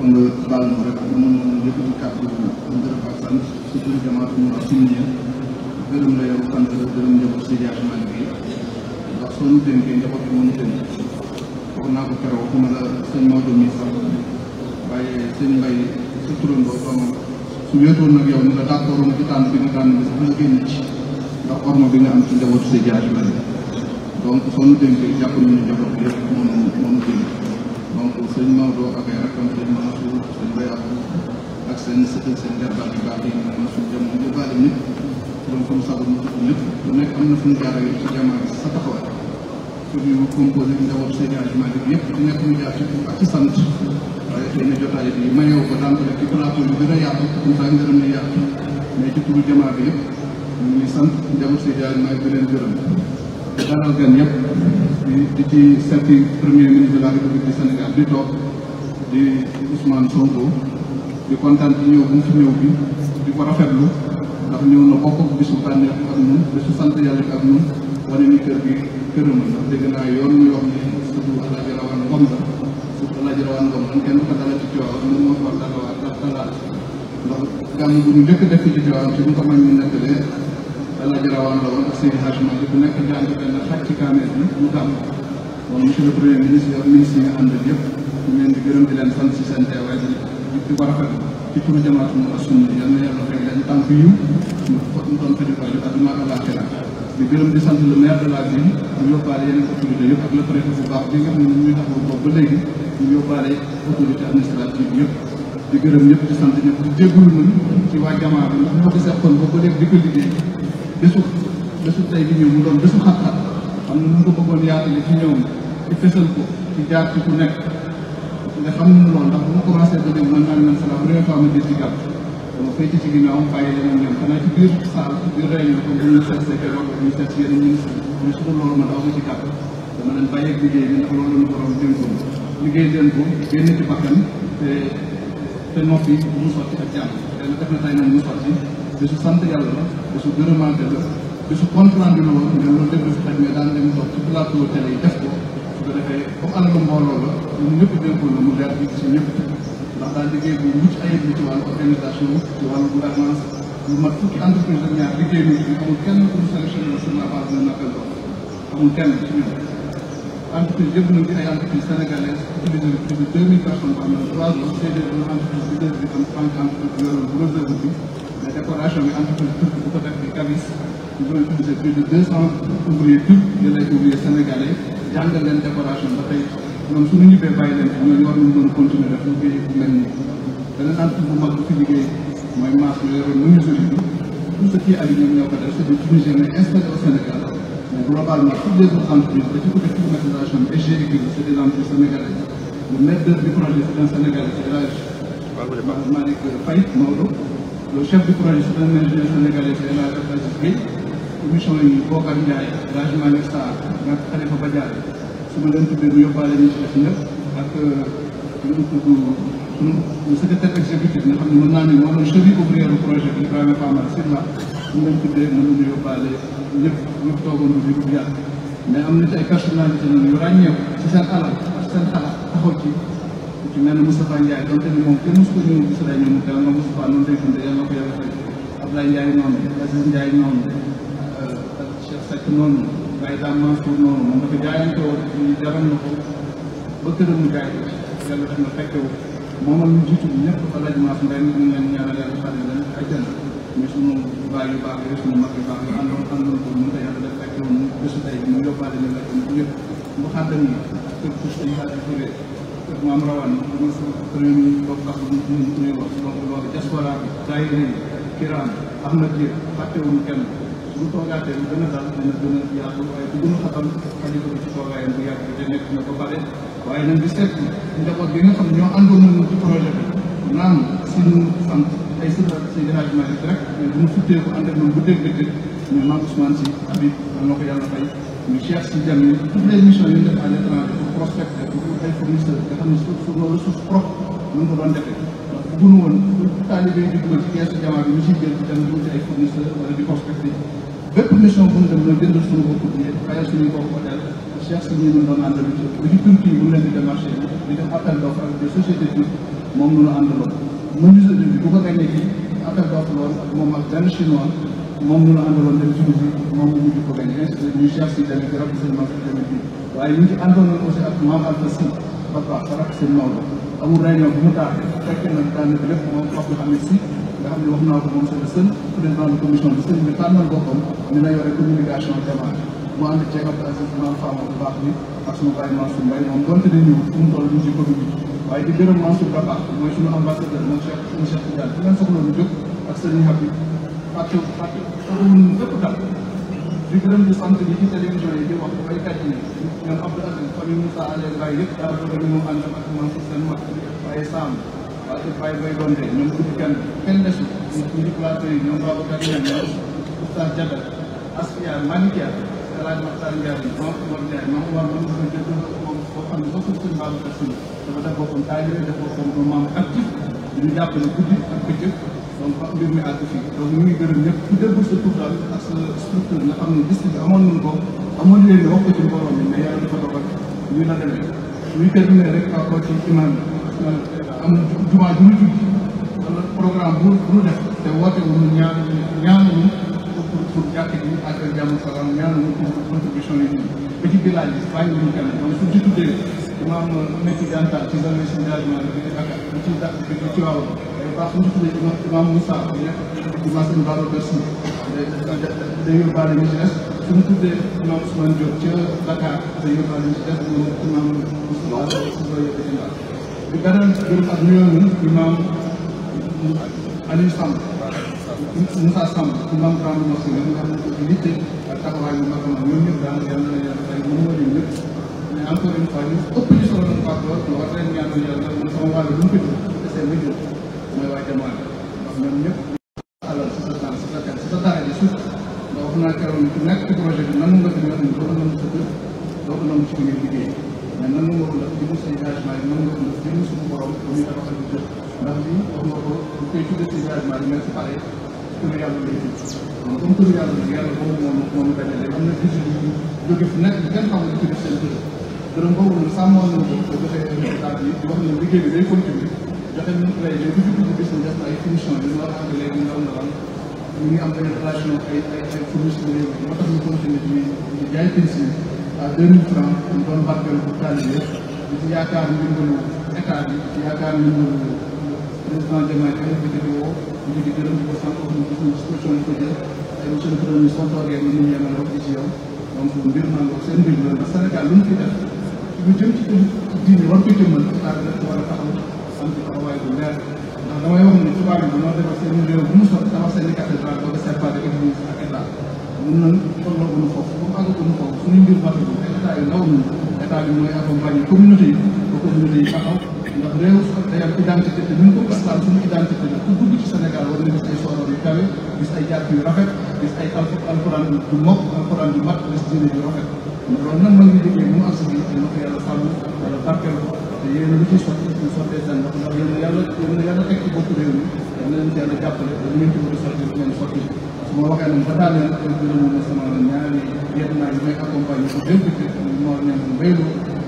kon nga baal ma rek man ma yëkkati kàddu gi gërëm ak sant surtout jamono bi ma suñu ñëw gërëm la yow sant la gërëm njaboot si jaajëfal bi ndax soo ñu dénkee njaboot bi mënu dénk foog naa ko keroog ku ma la sëñ Maodo mi sax waaye sëñ Mbaye sa turandoo doomam su wéetoon nag yow ni la d'accord ma ci tànn bi nga tànn bi sax nga génn ci ndax orma bi nga am ci njaboot si jaajëfal donc soo ñu dénkee jàpp nañu njaboot bi yëpp moom moom dénk donc sëñ Maodo ak ay rakkam sëñ Mansour sëñ Baye ak seen sëñ seen jarbaat yu baax yi ñu ne suñu jamono yu baax yi donc comme ça mu tudd lépp ku ci jamono sa taxawaay pour ñu composé njaboot seen arrangement bi yëpp ku nekk ñu jaar ci ak ci sant waaye xëy na jotaay bi mayoo ko daanaka ci plateau yu gën a yaatu comme ça mu ne yaatu mais ci turu jamono bi yëpp ñu ngi sant njaboot seen arrangement bi leen gërëm te dalal gan yëpp di ci seeti premier ministre de la république du Sénégal bi toog di Ousmane Sonko di kontaan ci ñëw bu mu fi ñëw bi di ko rafetlu ndax ñëw na bokk bisu bànneex ak ñun bisu sant yàlla bi ak ñun wane ni kër gi këram la ndax dégg a yoon ñu wax ni surtout El Hadj Rawane Ngom la surtout El Hadj Rawane Ngom man kenn ko dala ci Tivaouane man moo ko wax dala waa dala def ci Tivaouane ci bu ko mën ñu nekkalee El Hadj Rawane la woon ak seen hachement bi ku nekk ci kaamil bi mu tàmm kon monsieur le premier yi nga ànd ak yëpp di gërëm di si seen teewaay di di ko rafet ci turu mu ak sunna yal ko àdduna ak àllaaxira di gërëm di la ville ñu yóbbaale yeneen autorité yëpp ak le ba léegi ñu yóbbaale autorité administrative yëpp di gërëm ñëpp di sant ñëpp di ko liggéey bésu bésu tey bi ñëw mu doon bésu xat-xat xam ne mu ko bëggoon yaatale ci ñëw ci fësal ko ci jaar ci ku nekk nga xam ne loolu ndax bu ma commencé ba léegi man naa leen salaam si yeneen ministre mais su loolu ma daw ma ci gàtt dama leen bàyyi ak liggéey bi ndax loolu la ñu borom dénkoon liggéey leen ko génn ci bakkan te te noppi bu mu sotti ak jàmm te def na tey nag mu sotti bisu sant yàlla la bisu gërëmante la bisu kontraante la woon nga loolu def def xaj mais daan dem toog ci plateau télé yi def ko su ko defee comme alalu mbooloo la ñun ñëpp dénkoon la mu leer bi si ñëpp ndax daal liggéey bu mucc ayib bi ci wàllu organisation ci wàllu gouvernance lu mat fukki entreprise ak ñaar liggéey ni ñu amul kenn pour sélectionné sur la base d'un appel d'offres amul kenn ci ñun entreprise yëpp nañ ci ay entreprise sénégalaise utilisé plus de deux mille personnes par an trois ans CDD entreprise bi am trente entreprise yoroon bu bi mais décoration bi entreprise turque di kamis ñu doon utiliser plus de deux cent ouvriers turcs di lay ouvrier sénégalais jàngal leen décoration ba tey ñoom suñu ñibbee bàyyi leen ñooñu war nañu doon continuer def bu mel nii beneen entreprise bu mag bu bi tout ce qui est ali ñoom ñoo ko def c'est des Tunisiens mais installé au Sénégal mais globalement toutes les autres entreprises ba ci côté climatisation bi et GIE c'est des entreprises sénégalaises le maître du projet c'est un Sénégalais c'est El Hadj Malick le chef du projet suñu ménage sénégalais de la FSB émission yi Bokar Ndiaye Raj Malick Sarr ak Khalifa Badiane su ma leen tuddee mu yóbbaale ñu ci ñëpp ak ñu tudd suñu secrétaire exécutif nga xam ne mën naa ne moom la cheville ouvrier du projet bi Ibrahima Famara Sylla su ma leen tuddee mën nañu yóbbaale ñëpp ñëpp toogoon bi bu yàgg mais am na ci ay personnalité yu ràññeeku ci seen alal ak seen xalaat taxaw ku ci mel ne Moustapha Ndiaye donte ni moom kenn mosu ko ñëw gis rek ñoom dal nga Moustapha noonu lay dundee yàlla na ko yàlla fay Abdoulaye Ndiaye noonu Aziz Ndiaye noonu euh, ak Cheikh Seck noonu Baye Dame Mansour noonu moom dafa jaayante woon ñu jaram na ko ba këram mu jaay ko yàlla def na fekke wu moom ak ñu jiitu ñëpp fa laaj maas mbay mi ñu leen ñaanal yàlla xale leen ajjana ñu suñu baay yu baax yi suñu mag yu baax yi àndoon àndoon ko ñu ko yàlla def fekke wu mu bésu tey bi mu yóbbaale ñu lekk ñu yëpp mu xàddam yi kër ku suñu xaar maam rawan mu premier ministre boobu tax ñu ñuy wax donc loolu diaspora bi daayira yi kiraan am na jiir fàttewuñu kenn bu toogaatee lu gën a dal dina gën a yaatu waaye bu gën a xatal xalifa bi na ko pare waaye nag di seet njaboot bi nga xam ñoo àndoon nañu ci projet bi si Hadj Malick rek mais bu ñu futtee ko ànd ak ñoom bu dégg-dégg mais maam si Habib am na ko ñu Cheikh si dem toutes les missions yu ñu def à l'étranger pour prospecter pour ay fournisseurs nga xam ne suuf suuf loolu suuf propre ñu ko doon defee ndax bëgguñu woon taalibe di dugal ci keesu jamaa bi ñu siy jël di dem di ay fournisseurs wala di prospecter bépp mission bu ñu dem na jënd suñu bopp doon àndal ci bu ñu Turquie bu leen di démarché di def appel d'offre ak des sociétés turques moom la ñu àndaloon menuiserie bi bu ko gañee ci appel d'offre loolu ak benn chinois moom la ñu àndaloon dem suñu si moom la ñu di ko gañ ñu Cheikh si tamit rab seen Maodo tamit bi waaye ñu ngi àndaloon aussi ak Maam Alpha Si Papa sa rab seen Maodo amul réunion bu mu taaxee fekk na tànn bi lépp moom Pape Hamid Si nga xam ne wax naa ko moom c'est le seul président de commission bi sëñ bi tànnal boppam ni la yore communication démarche mu ànd ceeg ak assistement femme bu baax bi ak suñu bàyyi Mansour Mbaye moom donte ne ñëw fu mu toll ñu si commune bi waaye di gërëm Mansour Baba mooy suñu ambassadeur moom Cheikh suñu Cheikh Tidiane fi leen soxla lu jóg ak sëñ Habib fàttewu fàttewu fàttewu ñun ñëpp daal di gërëm di sant di ci télévision yi di wax baykat yi ñoom Abdou Aziz famille Moussa Allé Baye yëpp daa bëgg ñu ànd ak Mansour seen mag Baye Sam parce que Baye Baye Donte ñoom guddi kenn kenn desul ñu di plateau yi ñoom Babacar Niang Oustaz Diatta Asfiya Malikia El Hadj Makhtar Ndiaye Mor Mor Ndiaye moom war nañu ko jël moom boo xam ne bokkul suñu Babacar Sy dafa def boppam taalibe def boppam maam actif ñu jàpp ne guddi ak bëccëg donc wax mbir mi àgg fii donc ñu ngi gërëm ñëpp ku déglu sa tur daal ak sa structure nga xam ne district amoon nañu ko amoon leen wax ko ci mbooloo mi mais yàlla dafa dogal ñu la demee ñu terminé rek par rapport ci imaam euh, am jumaa ju ñu julli wala programme bu bu def te woote wu ñu ñaan ñaanuñu pour pour jàkk ji ak jàmm salaam ñaanuñu pour contribution yi ñu ba ci village yi bàyyi wuñu kenn donc suñ ci tuddee imaam nekk jantal ci zone si njaajumaa bi di Dakar ci ci waaw bu baax ñu tuddee imam Moussa bi nekk imam sëñ Baba Bersi day yóbbaale ñu ci des suñu tuddee imam Ousmane Diop ca Dakar day yóbbaale ñu ci des moom imam Ousmane di beneen gërëm ak nuyoo imam Aliou Samb Moussa Samb imam Grand Mosquée nga xam ne ko yitte ak taxawaay bu mag a mag ñoom ñëpp daanaka yàlla na yàlla tey moom moo leen ñëpp mais encore une fois ñu ëpp ci solo dafa war leen ñaanal yàlla sama wàll bu mu ko jël seen mooy waa jamono ndax ñoom ñëpp alal si sa temps si sa temps si sa taxe di suuf ndax wax naa keroog nekk ci projet bi nan nga fi ñoo xam ne dootu nangu sa kër dootu nangu si ngeen liggéey mais nan nga ko def jëmu say engagement yi nan nga ko def jëmu suñu borom ba muy tabaxal ñu dëkk ndax lii wax nga ko bu koy tuddee si engagement yi mais su pare turu yàlla lay jëm kon comme turu yàlla nag yàlla boobu moom moom dajale am na vision yu jóge fi nekk kenn xamul ci seen dërëm dërëm boobu nag sàmmoon nañu ko joxee résultat yi wax na liggéey bi day continuer joxe nañu ay les visiteurs bi suñu def ay finition bi nga xam ne léegi ndaw ndawal ñu ngi am benn relation ay ay ay fournisseurs yooyu moo tax ñu continuer di di jaay pinsil à deux mille francs ñu doon barkeel pour taalibe di ci yaakaar ndimbalu état bi ci yaakaar ndimbalu président Diomaye Faye bi di woo ñu di gërëm di ko sant ñu gis ñu disposition yi ko jël ay monsieur le premier ministre soo toogee mën nañu yemal wax ci yow donc mbir naa ko seen mbir la ndax Sénégal lu mu fi def lu jëm ci diine war ko jëmmal état bi def war a taxaw sant taxawaay bu leer ndax damay wax ne tubaab yi dañoo réew i cathédrale ba ko séparé mun nañ tolloo gën a a ba communauté yi war na gis ay soxla yu kawe gis ay jàpp yu rafet gis ay alxuraan mat gis diine yu rafet loolu nag mag ñu déggee mu am si biir dina ko yàlla sàmm wala barkeel ko te yéen lu ci sotti ñu sottee seen ndax ndax yéen a yàlla yéen a yàlla teg ci bopp réew mi dana leen ci yàlla jàppale da ngeen ci war a sotti di ngeen sotti su ma waxee nag ba daaneel ay gërëm na sama ñaari yéen naa yi may accompagné ko benn bi moo nekk mbéy mi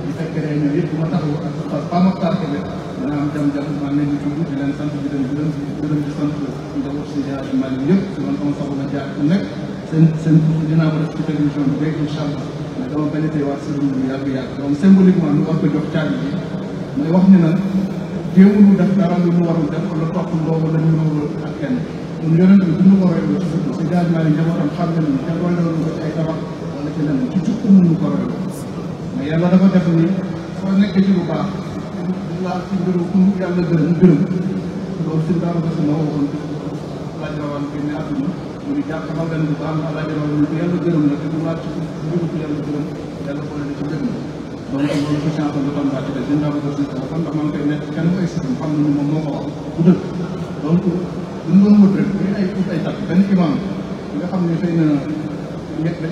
di fekk réunion yëpp ma taxaw ak Paa Paa Maxtaar Kébé dana am jam-jam maa ngi leen di tudd di leen sant di leen gërëm di gërëm di sant njaboot si jaay maa ngi yëpp si man sama soxla na jaar ku nekk seen seen dinaa ko def ci télévision bi léegi incha allah dama bañ a teewaat sëriñ bi yàgg yàgg donc symboliquement ñu war ko jox caabi bi mooy wax ne nag jéemulu def dara lu mu warul def wala topp ndoobu la ñu róolu ak kenn ñun yonent bi duñu ko royloo ci sut si daal maa yi njabootam xam ne ni te royloo ko ci ay tabax wala ci leneen ci cukk mënuñu ko royloo mais yàlla dafa def ni soo nekk ci lu baax laa ci mbiru ku yàlla gërëm gërëm loolu suñ daara basi ma waxoon laaj rawaan bi ne àdduna mu ngi jàpp xamal leen bu baax laaj rawaan ko yàlla gërëm la te du laaj ci mbiru ku yàlla gërëm yàlla boole na ci gërëm loolu tam loolu conscience am de combat ci dañ daa bëgg a seet kon ndax man koy nekk kenn koy sëñ xam nañu moom moo ko wax bu dëgg donc duñ doon wër rek muy ay ay takk benn imam nga xam ne xëy na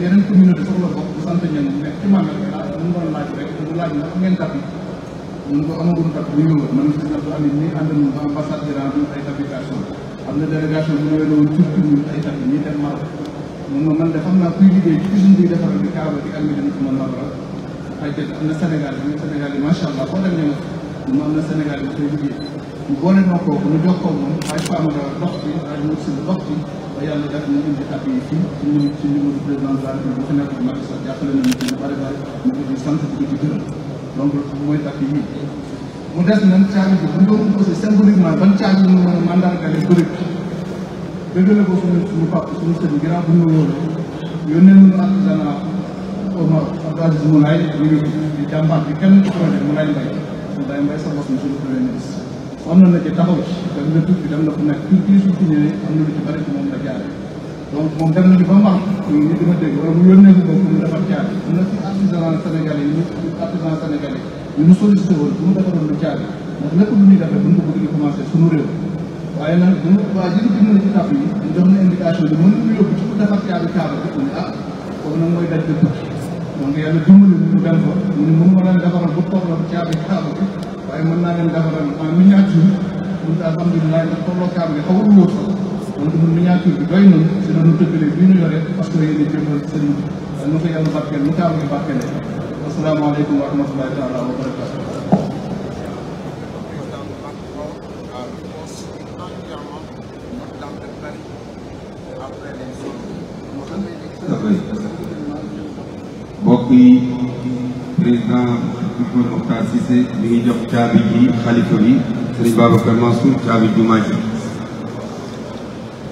yeneen communauté sax la bokk bu sant ñenn nekk imam rek laaj lu mu doon laaj rek bu laaj ndax ngeen takk ñun ko amagun takk bu ñu wër man sëñ Abdou Amin nii ànd nañu ba ambassade di rendre ay tapication am na délégation bu ñëwee woon surtout ñun ay takk ñuy dem Maroc mun ma man de xam naa kuy liggéey ci usine bi defaral bi kaaba di almi dana ko mën a dafay jël am na Sénégal am na yi macha allah foo dem ne ma am na Sénégal yi dafay liggéey ñu boole noo kooku ñu jox ko moom ay femmes la dox ci ay mut si dox ci ci ñu ci numéro président de la République bu fi nekk Macky Sall jàppale nañu ci lu bëri bëri ñu ko di sant mu des nag bu ñu doon posé symboliquement ban caabi ñu mën a xaw ma Abdoulaye Diouf Moulay mi ngi di jàmbaar bi kenn ci projet Moulay Mbaye Moulay Mbaye sa bopp monsieur le premier ministre am na na ci taxaw ci dem na tuuti dem na fu nekk tur bi su ci ñëwee am na lu ci bëri ci moom la jaare donc defar jaar am na ci artisanat ah kooku nag mooy daj de moom yàlla dimbali mu dem fa mu ne mënu ma leen defaral bu tolloo caabi kaabu bi waaye mën naa leen defaral en miniature mun te alhamdulilah ndax tolloo kaabu bi xawul wóor sax donc ñun miniature bi doy nañu si la ñu tëggalee bii ñu yore parce que yéen a jëmbal sëñ bi nu ko yàlla barkeel nu kaabu bi barkeelee asalaamaaleykum wa rahmatullahi taala wa barakatu mbokk yi président Mouhamadou Mokhtar Cissé mi ngi jox caabi bi Serigne Babacar Mansour caabi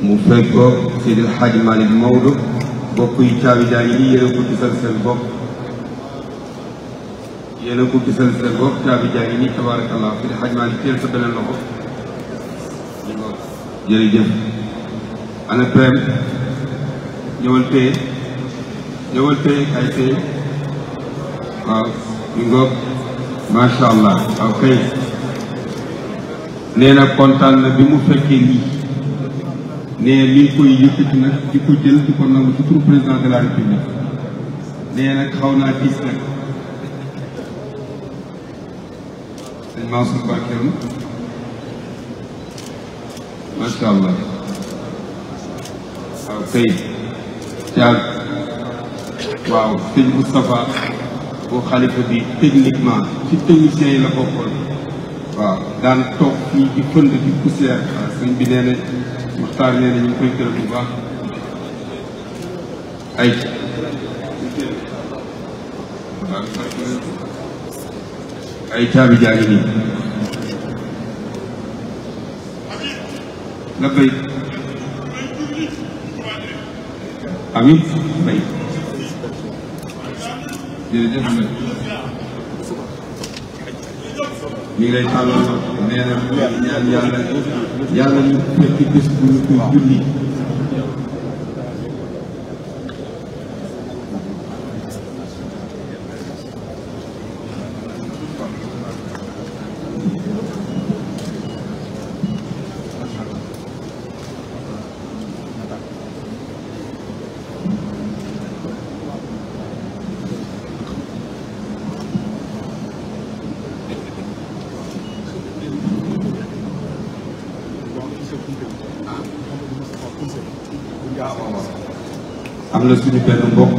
mu fekk ko Seydi El Hadji Malick Maodo a bopp yéen a ko gisal seen bopp caabi jaa ngi nii tabaarakallah Seydi El Hadji Malick teel sa beneen loxo jërëjëf ana pem waaw ñu ngoog macha allah waaw kay nee na kontaan na bi mu fekkee lii nee mi ngi koy yëkkati nag di ko jël di ko nangu ci turu président de la nee nag xaw naa gis nag sëñ Mansour Bakirou macha allah waaw kay caag waaw sëñ Moustapha bu xalifa bi techniquement ci techniciens yi la bokkoon waaw daan toog fii di fënd di poussière waaw sëñ bi nee na Muxtaar nee ñu ngi koy gërëm bu baax ay caabi jaa la bay amit bay jërëjëf nag ñu ngi lay tàllal nee na ñaan yàlla yàlla ñu fekk bés bu ñu koy julli am na suñu benn mbokk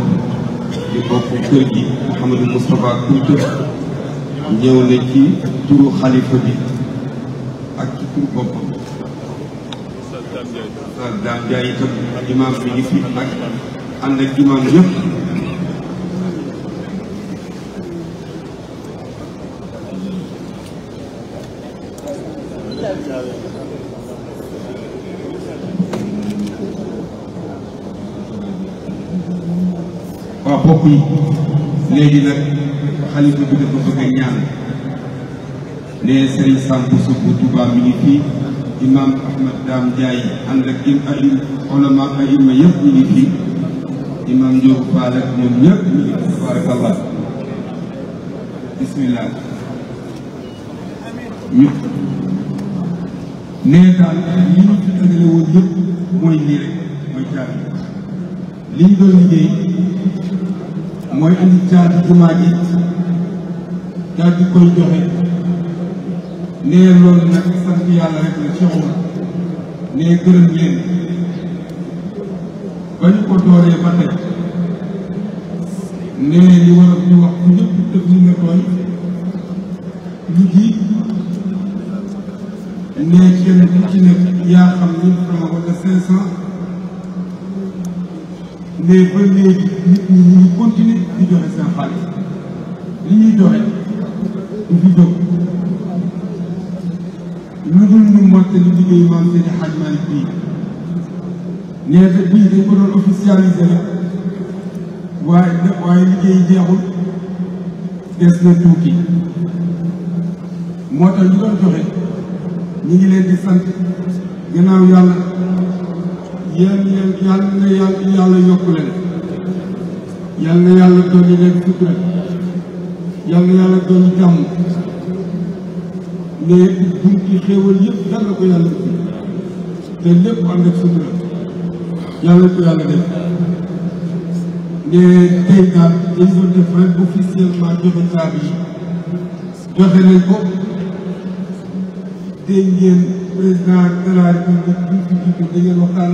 di mbokk kër gi Mouhamadou Moustapha Kounta ñëw na ci turu xalifa bi ak ci turu boppam Oustaz Dame Ndiaye itam imaam bi ngi fi ak ànd ak imaam yëpp mbokk yi léegi nag xalifa bi dafa bëgg a ñaan ne sëriñ Samb Sougou Touba mi ngi fii imam Ahmad Dame Ndiaye ànd ak im ayim olama ayima yëpp ñu ngi fii imam Ndiob Fall ak bismillah nee daal li ñu fi tëgale woon yëpp mooy lii mooy caabi li ñu doon liggéey mooy andi caabi jumaa ji daal koy joxe nee loolu nag sant yàlla rek la Cheikh Oumar nee gërëm leen ba ñu ko dooree ba tey nee li war ñu wax bu ñëpp tëb ñu nga tooy lu ji nee kenn ku ci nekk yaa xam mille francs wala cinq cent mais ba léegi nit ñi ñu ngi continuer di joxe seen xaalis li ñuy joxe du fi jóg lu dul ñu mottali liggéey maam Seydi Hadj Malick bii neefe bii dañ ko doon officialisé la waaye waaye liggéey jeexul des na tuuti moo tax ñu doon joxe ñu ngi leen di sant gannaaw yàlla yéen yéen yàlla yàlla yokk leen yàlla yàlla dolli leen sutura yàlla na yàlla dolli jàmm mais bunti xéewal yëpp yàlla ko yàlla def mais tey daal dañ doon def rek officiellement joxe caabi joxe nañ ko dégg ngeen président de la république bi fi jiitu da ngeen waxtaan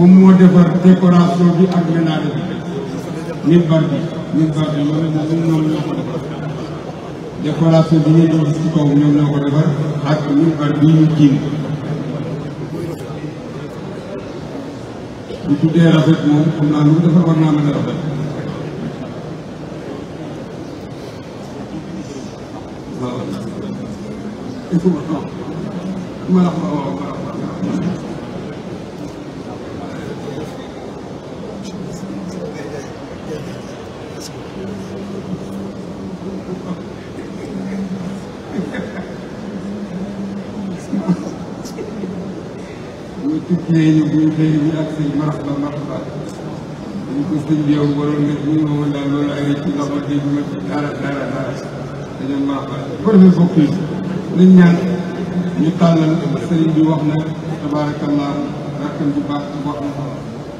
moom moo defar décoration bi ak menaade bi nit bar bi nit bar moom ñoom ko defar décoration bi ngeen di gis ci kaw ñoom ko defar ak nit bar bi ñu jiin bu tuddee rafet moom xam naa lu defar war naa mën a rafet ñooñu bu ñu xëyee ñu ak sëñ marhaba marhaba dañ ko sëñ bi yow waroon nga ñu ma woon daal loolu ay ci loxo di ma dara ñu bokk yi nañ ñaan wax na tabaarakallah rakkam bu baax na ko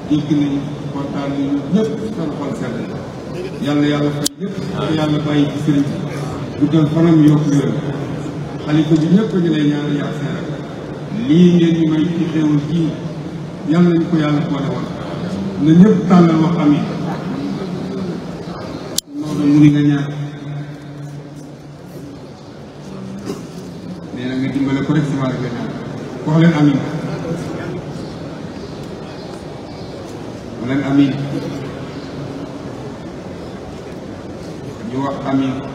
dégg nañ kontaan nañu ñëpp seen xol sedd yàlla yàlla fay ñëpp te yàlla bàyyi ci sëriñ bi guddal fanam yokk wér xalifa bi ñëpp a ngi lay ñaan yàq seen lii ngeen ñu may ci xéewal ji yàlla ko yàlla boole woon na ñëpp tàllal wax amiin Maodo mu ngi nga ñaan nee na nga dimbale ko rek si waar nga ñaan wax leen amiin wax leen amiin ñu wax amiin